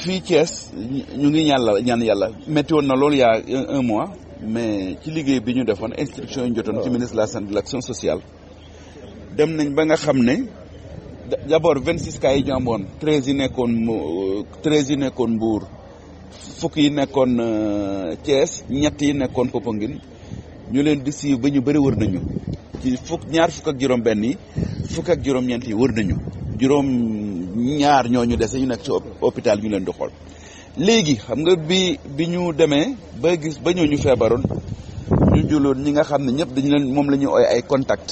fii Thiès ñu ngi ñaan ñaan yàlla métti woon na loolu y' a mois mais ci liggéey bi ñu defoon instruction yi jotoon ci ministre de la santé de l'action sociale dem nañ ba nga xam ne d'abord vingt six yi ñu amoon treize yi nekkoon euh, treize yi nekkoon Mbour fukk yi nekkoon euh, Thiès ñett yi nekkoon Popenguine ñu leen di siiw ba ñu bëri wër nañu ci fukk ñaar fukk ak juróom benn yi fukk ak juróom-ñeent yi wër nañu juróom ñaar ñoo ñu dese ñu nekk ci hôpital ñu leen di xool léegi xam nga bi bi ñu demee ba gis ba ñooñu feebaroon ñu juloon ñi nga xam ne ñëpp dañu leen moom la ñuy ooy ay contact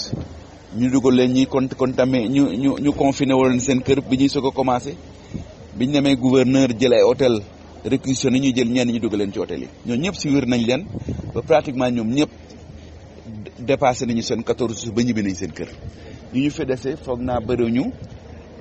ñu dugal leen ñuy cont contamé ñu ñu ñu confiné woon seen kër bi ñuy soog a commencé bi ñu demee gouverneur jël ay hôtel réquisition ni ñuy jël ñenn ñu dugal leen ci hôtel yi ñoo ñëpp si wér nañ leen ba pratiquement ñoom ñëpp dépassé nañu seen 14 jours ba ñibbi nañ seen kër ñu ñu fi dese foog naa bëriwuñu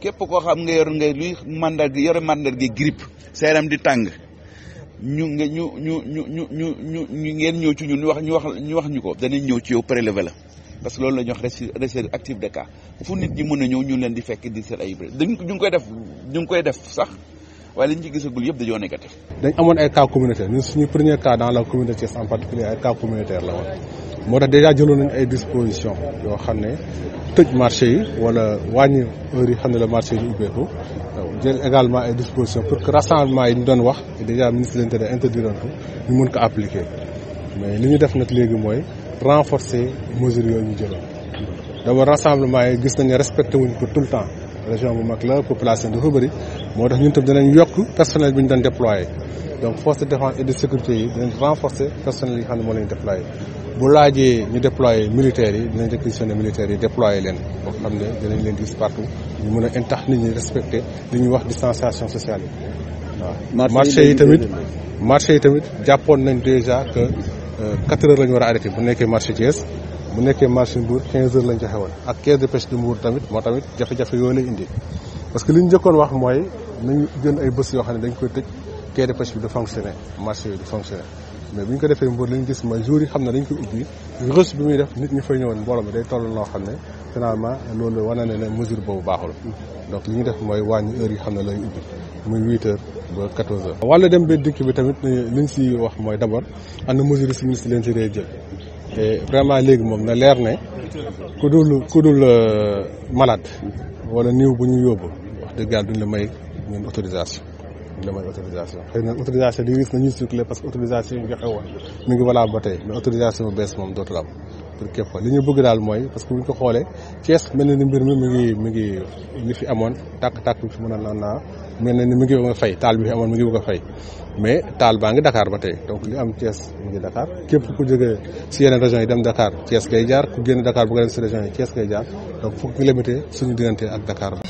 képp koo xam nga yor nga luy mandar gi yore mandar gi grippe seeram di tàng ñu nga ñu ñu ñu ñu ñu ñu ñu ngeen ñëw ci ñu wax ñu wax ñu wax ñu ko danañ ñëw ci yow prélevé la parce que loolu la ñuy wax recherche active de cas fu nit ñi mën a ñëw ñu leen di fekk di seet ay dañ ñu ngi koy def ñu ngi koy def sax waaye liñ ci gisagul yëpp dañoo négatif. dañ amoon ay cas communautaire ñun suñu premier cas dans la communauté en particulier ay communautaire la woon. moo tax déjà jëloon nañ ay dispositions yoo xam ne tëj marché yi wala wàññi heure yi xam ne la marché yi ubbeeku jël également ay dispositions pour que rassemblement yi ñu doon wax déjà ministre de l'intérieur interdire ko ñu mën ko appliquer mais li ñu def nag léegi mooy renforcer mesures yooyu ñu jëloon d'abord rassemblement yi gis nañ ne respecté wuñ ko tout le temps région bu mag la population dafa bëri moo tax ñun tam danañ yokk personnel bi ñu doon déployé donc force de défense et de sécurité yi dinañ renforcer personnel yi nga xam ne moo leen déployé bu laajee ñu déployé militaire yi dinañ réquisitionné militaire yi déployé leen boo xam ne dinañ leen gis partout ñu mën a intax nit ñi respecté li ñuy wax distanciation sociale yi waaw marché yi tamit marché yi tamit jàppoon nañ déjà que euh, quatre heures la ñu war a arrêté bu nekkee marché Thiès bu nekkee marché Mbour 15 heures lañ ca xewoon ak quai de pêche de Mbour tamit moo tamit jafe-jafe yoo lay indi parce que li ñu jëkkoon wax mooy nañu jënd ay bés yoo xam ne dañ koy tëj quai de pêche bi du fonctionner marché yi du fonctionner mais bu ñu ko defee Mbour li ñu gis mooy jour yi xam ne dañ koy ubbi rës bi muy def nit ñi fay ñëwoon mbooloo mi day toll loo xam ne finalement loolu wane na ne mesure boobu baaxul donc li ñu def mooy wàññi heure yi xam ne lay ubbi muy 8 heures ba 14 heures. wàllu bi tamit li ñu si wax mooy d' abord am na mesure yu si leen si jël te vraiment léegi moom na leer ne ku dul ku dul euh, malade wala néew bu ñu yóbbu wax dëgg yàlla duñ la may ñun autorisation duñ la may autorisation xëy na autorisation di gis na ñuy circuler parce que autorisation yi nga xewoon mu ngi valable ba tey mais autorisation bu bees moom dootul am pour li ñu bëgg daal mooy parce que bu ñu ko xoolee Thiès mel na ni mbir mi mu ngi mu ngi li fi amoon tàkk-tàkk bi fi a naan naa mel na ni mu ngi fay taal bi fi amoon mu ngi bëgg a fay mais taal baa ngi dakaar ba tey donc li am cees mu ngi Dakar képp ku jege si yeneen régions yi dem Dakar cees ngay jaar ku génn Dakar bu nga dem si régions yi Thiès ngay jaar donc foog ñu limité suñu diggante ak Dakar la